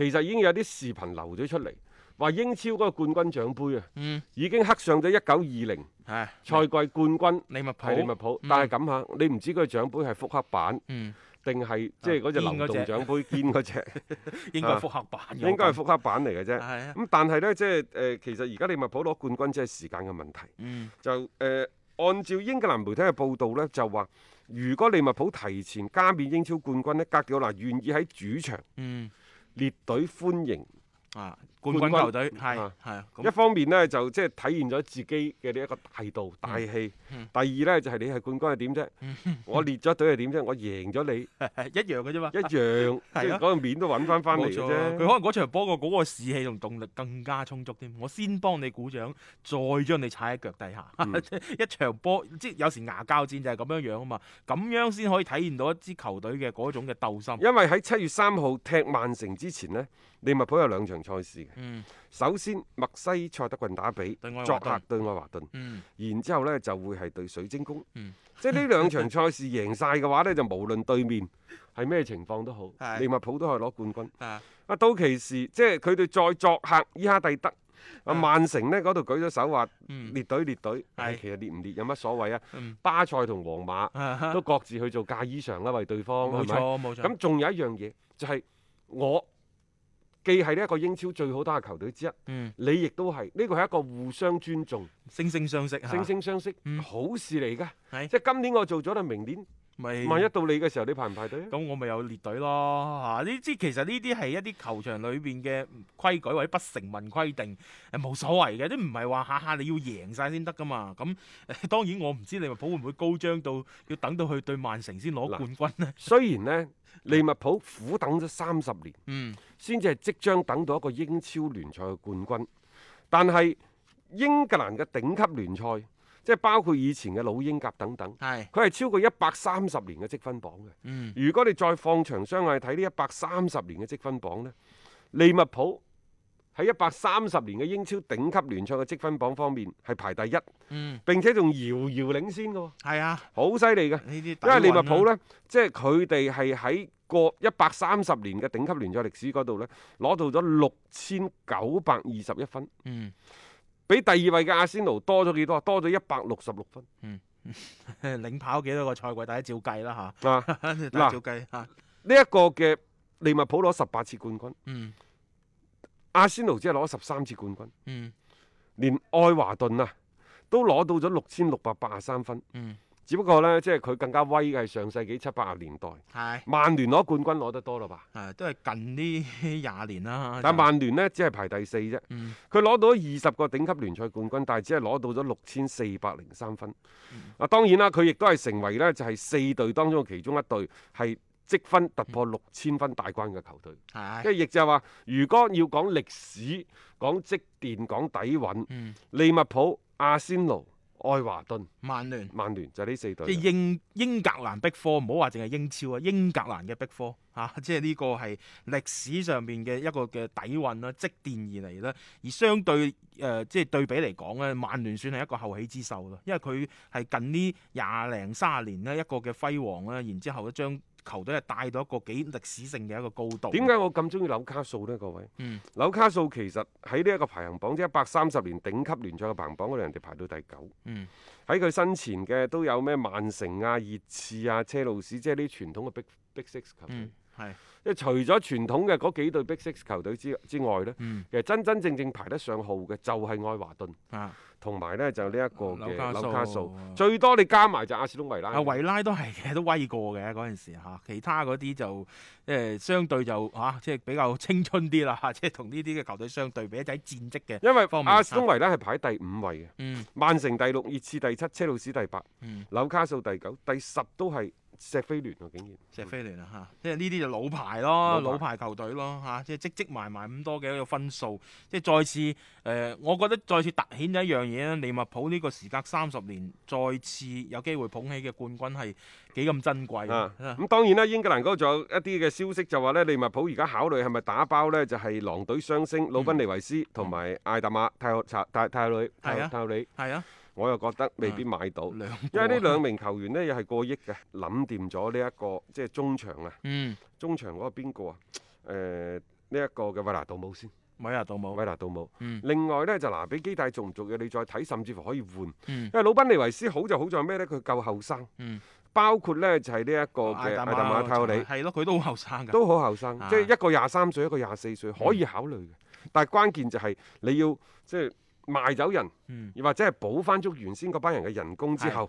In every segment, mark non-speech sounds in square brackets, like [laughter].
其實已經有啲視頻流咗出嚟，話英超嗰個冠軍獎杯啊，已經刻上咗一九二零賽季冠軍利物浦。但係咁吓，你唔知個獎杯係複刻版定係即係嗰隻流動獎杯堅嗰隻，應該複刻版。應該係複刻版嚟嘅啫。咁但係呢，即係其實而家利物浦攞冠軍只係時間嘅問題。就誒，按照英格蘭媒體嘅報道呢，就話如果利物浦提前加冕英超冠軍呢，格列奧拿願意喺主場，列隊歡迎啊！冠軍球隊係係、啊、一方面咧就即係體現咗自己嘅呢一個大度、嗯、大氣。嗯、第二咧就係、是、你係冠軍係點啫？嗯、我列咗隊係點啫？我贏咗你一樣嘅啫嘛，一樣，即嗰、啊、個面都揾翻翻嚟啫。佢可能嗰場波個嗰個士氣同動力更加充足添。我先幫你鼓掌，再將你踩喺腳底下。嗯、 [laughs] 一場波即係有時牙膠戰就係咁樣樣啊嘛。咁樣先可以體現到一支球隊嘅嗰種嘅鬥心。因為喺七月三號踢曼城之前呢。利物浦有兩場賽事嘅，首先墨西塞德郡打比作客對愛華頓，然之後咧就會係對水晶宮，即係呢兩場賽事贏晒嘅話呢，就無論對面係咩情況都好，利物浦都可以攞冠軍。啊，到其時即係佢哋再作客伊哈第德，啊曼城，呢嗰度舉咗手話列隊列隊，其實列唔列有乜所謂啊？巴塞同皇馬都各自去做嫁衣裳啦，為對方。係咪？冇錯冇錯。咁仲有一樣嘢就係我。既係呢一個英超最好打嘅球隊之一，嗯、你亦都係呢個係一個互相尊重，惺惺相惜，惺惺相惜，嗯、好事嚟噶。的即係今年我做咗，就明年。萬一到你嘅時候，你排唔排隊咧？咁我咪有列隊咯嚇！呢啲其實呢啲係一啲球場裏邊嘅規矩或者不成文規定，誒冇所謂嘅，都唔係話下下你要贏晒先得噶嘛。咁當然我唔知利物浦會唔會高張到要等到去對曼城先攞冠軍呢。雖然呢，利物浦苦等咗三十年，嗯，先至係即將等到一個英超聯賽嘅冠軍，但係英格蘭嘅頂級聯賽，即係包括以前嘅老英甲等等，佢係係超過一百三十年嘅積分榜嘅。嗯，如果你再放長雙眼睇呢一百三十年嘅積分榜咧，利物浦喺一百三十年嘅英超頂級聯賽嘅積分榜方面係排第一，嗯，並且仲遙遙領先嘅喎。係啊，好犀利嘅，因為利物浦呢，嗯，即係佢哋係喺過一百三十年嘅頂級聯賽歷史嗰度呢，攞到咗六千九百二十一分。嗯。比第二位嘅阿仙奴多咗幾多？多咗一百六十六分。嗯。嗯，領跑幾多個賽季？大家照計啦吓。嗱、啊，照計吓。呢一、啊這個嘅利物浦攞十八次冠軍。嗯，阿仙奴只係攞十三次冠軍。嗯，連愛華頓啊，都攞到咗六千六百八十三分。嗯。只不過呢，即係佢更加威嘅係上世紀七八十年代。係、啊。曼聯攞冠軍攞得多嘞吧？都係近呢廿年啦。但曼聯呢，只係排第四啫。佢攞、嗯、到二十個頂級聯賽冠軍，但係只係攞到咗六千四百零三分。嗯、啊，當然啦，佢亦都係成為呢，就係、是、四隊當中其中一隊，係積分突破六千分大關嘅球隊。係、嗯。即係亦就係話，如果要講歷史、講積電、講底蘊，嗯、利物浦、阿仙奴。愛華頓、曼聯、曼聯就呢四隊，即英英格蘭逼科，唔好話淨係英超啊，英格蘭嘅逼科啊，即係呢個係歷史上面嘅一個嘅底蘊啦，積澱而嚟啦。而相對誒、呃，即係對比嚟講咧，曼聯算係一個後起之秀咯，因為佢係近呢廿零卅年咧一個嘅輝煌啦，然之後一球隊係帶到一個幾歷史性嘅一個高度。點解我咁中意紐卡素呢？各位，嗯、紐卡素其實喺呢一個排行榜，即係一百三十年頂級聯賽嘅排行榜嗰度，人哋排到第九。喺佢身前嘅都有咩曼城啊、熱刺啊、車路士，即係呢啲傳統嘅 big, big Six 球隊。嗯係，即係除咗傳統嘅嗰幾隊 Big Six 球隊之之外咧，其實真真正正排得上號嘅就係愛華頓，同埋咧就呢一個嘅紐卡素，最多你加埋就阿斯東維拉。阿維拉都係嘅，都威過嘅，嗰陣時其他嗰啲就誒相對就嚇，即係比較青春啲啦嚇，即係同呢啲嘅球隊相對比一啲戰績嘅。因為阿斯東維拉係排第五位嘅，曼城第六，熱刺第七，車路士第八，紐卡素第九，第十都係。石飛聯啊，竟然，石飛聯啊，嚇，即係呢啲就老牌咯，老牌球隊咯嚇，ä, 即係積，積積埋埋咁多嘅一個分數，即係再次誒、呃，我覺得再次凸顯咗一樣嘢咧，利物浦呢個時隔三十年再次有機會捧起嘅冠軍係幾咁珍貴啊！咁當然啦，英格蘭哥仲有一啲嘅消息就話咧，利物浦而家考慮係咪打包咧，就係狼隊雙星魯賓尼維斯同埋艾達馬泰浩查泰泰隊泰泰隊，係啊。我又覺得未必買到，因為呢兩名球員呢，又係過億嘅，諗掂咗呢一個即係中場啊。嗯，中場嗰個邊個啊？誒，呢一個嘅威拿杜姆先。威拿杜姆。威拿杜姆。另外呢，就拿比基達做唔做嘢？你再睇，甚至乎可以換。因為魯賓尼維斯好就好在咩呢？佢夠後生。包括呢就係呢一個嘅艾達馬泰利。係咯，佢都好後生㗎。都好後生，即係一個廿三歲，一個廿四歲，可以考慮嘅。但係關鍵就係你要即係。賣走人，又或者係補返足原先嗰班人嘅人工之後。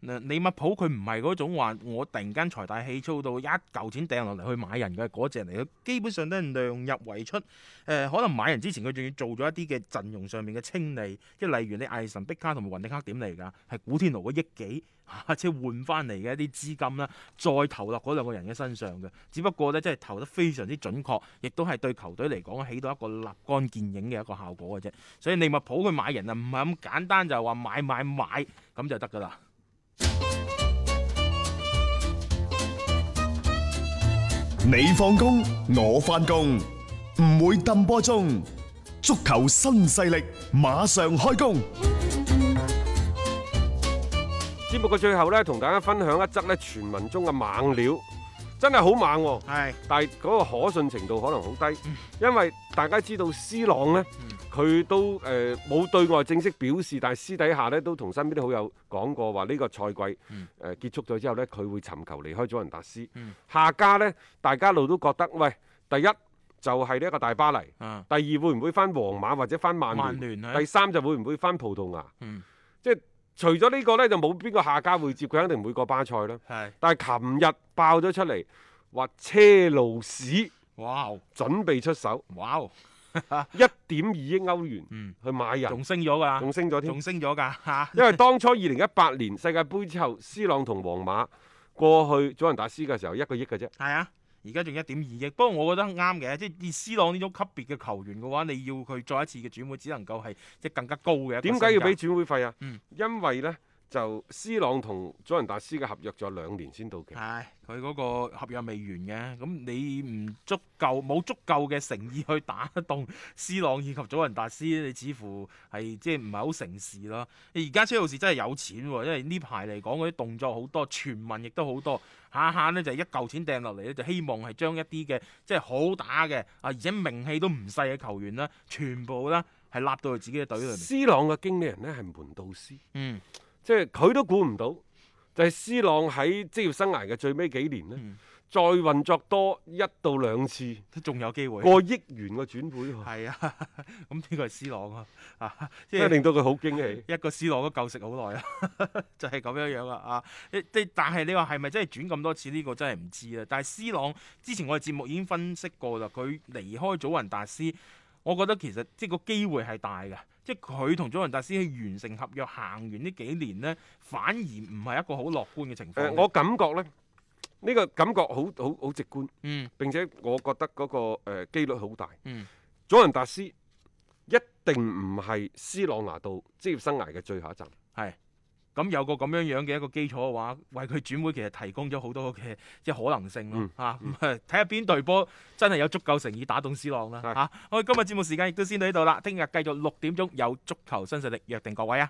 嗱，利物浦佢唔係嗰種話我突然間財大氣粗到一嚿錢掟落嚟去買人嘅嗰隻嚟，佢基本上都係量入為出。誒、呃，可能買人之前佢仲要做咗一啲嘅陣容上面嘅清理，即係例如你艾神、碧卡同埋雲迪克點嚟噶，係古天奴個億幾，吓，即係換翻嚟嘅一啲資金啦，再投落嗰兩個人嘅身上嘅。只不過咧，即係投得非常之準確，亦都係對球隊嚟講起到一個立竿見影嘅一個效果嘅啫。所以利物浦佢買人啊，唔係咁簡單，就係、是、話買買買咁就得噶啦。你放工，我翻工，唔會撳波鐘。足球新勢力馬上開工。節目嘅最後咧，同大家分享一則咧傳聞中嘅猛料，真係好猛喎。係是，但係嗰個可信程度可能好低，因為大家知道 C 朗咧。嗯佢都誒冇對外正式表示，但係私底下咧都同身邊啲好友講過話，呢個賽季誒結束咗之後呢，佢會尋求離開祖雲達斯。下家呢，大家路都覺得，喂，第一就係呢一個大巴黎，第二會唔會翻皇馬或者翻曼聯，第三就會唔會翻葡萄牙。即係除咗呢個呢，就冇邊個下家會接佢，肯定唔會過巴塞啦。係。但係琴日爆咗出嚟，話車路士，哇，準備出手，哇！一點二億歐元去買人，仲、嗯、升咗噶，仲升咗添，仲升咗噶吓。 [laughs] 因為當初二零一八年世界杯之後斯朗同皇馬過去做人打 C 嘅時候，一個億嘅啫。係啊，而家仲一點二億。不過我覺得啱嘅，即係斯朗呢種級別嘅球員嘅話，你要佢再一次嘅轉會，只能夠係即係更加高嘅。點解要俾轉會費啊？嗯、因為呢。就 C 朗同祖雲達斯嘅合約仲有兩年先到期，係佢嗰個合約未完嘅。咁你唔足夠，冇足夠嘅誠意去打得動 C 朗以及祖雲達斯，你似乎係即係唔係好誠事咯？而家車路士真係有錢，啊，因為呢排嚟講嗰啲動作好多，傳聞亦都好多，下下呢，就是，一嚿錢掟落嚟咧，就希望係將一啲嘅即係好打嘅啊，而且名氣都唔細嘅球員啦，全部啦係立到去自己嘅隊裏面。C 朗嘅經理人呢，係門道斯，嗯。即係佢都估唔到，就係、是、C 朗喺職業生涯嘅最尾幾年咧，嗯、再運作多一到兩次，仲有機會過億元個轉會，係、嗯、啊，咁呢個係 C 朗啊，即、啊、係、就是、令到佢好驚喜，一個 C 朗都夠食好耐啊，就係咁樣樣啦啊！你你但係你話係咪真係轉咁多次呢個真係唔知啊。但係 C、這個、朗之前我哋節目已經分析過啦，佢離開祖雲達斯。我覺得其實即係個機會係大嘅，即係佢同佐仁達斯去完成合約，行完呢幾年呢，反而唔係一個好樂觀嘅情況，呃。我感覺咧，呢、呢個感覺好好好直觀，嗯。並且我覺得嗰、嗰個誒、呃、幾率好大，佐仁、嗯、達斯一定唔係斯朗拿度職業生涯嘅最後一站，係。咁有個咁樣樣嘅一個基礎嘅話，為佢轉會其實提供咗好多嘅即係可能性咯嚇。咁睇下邊隊波真係有足夠誠意打動思朗啦嚇。我哋的 [laughs] 今日節目時間亦都先到呢度啦，聽日繼續六點鐘有足球新勢力，約定各位啊！